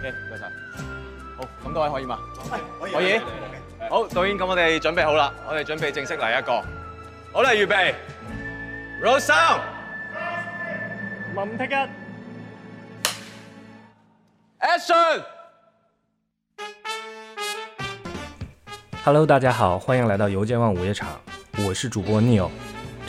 唔該晒！好、okay, oh, right，咁多位可以嘛？Hey, 可以，好，導演，咁 Hey. 我哋準備好啦，我哋準備正式嚟一個，好啦，預備，Rose，林聽一 Action. Hello, 大家好，歡迎來到油尖旺午夜場，我是主播 Neil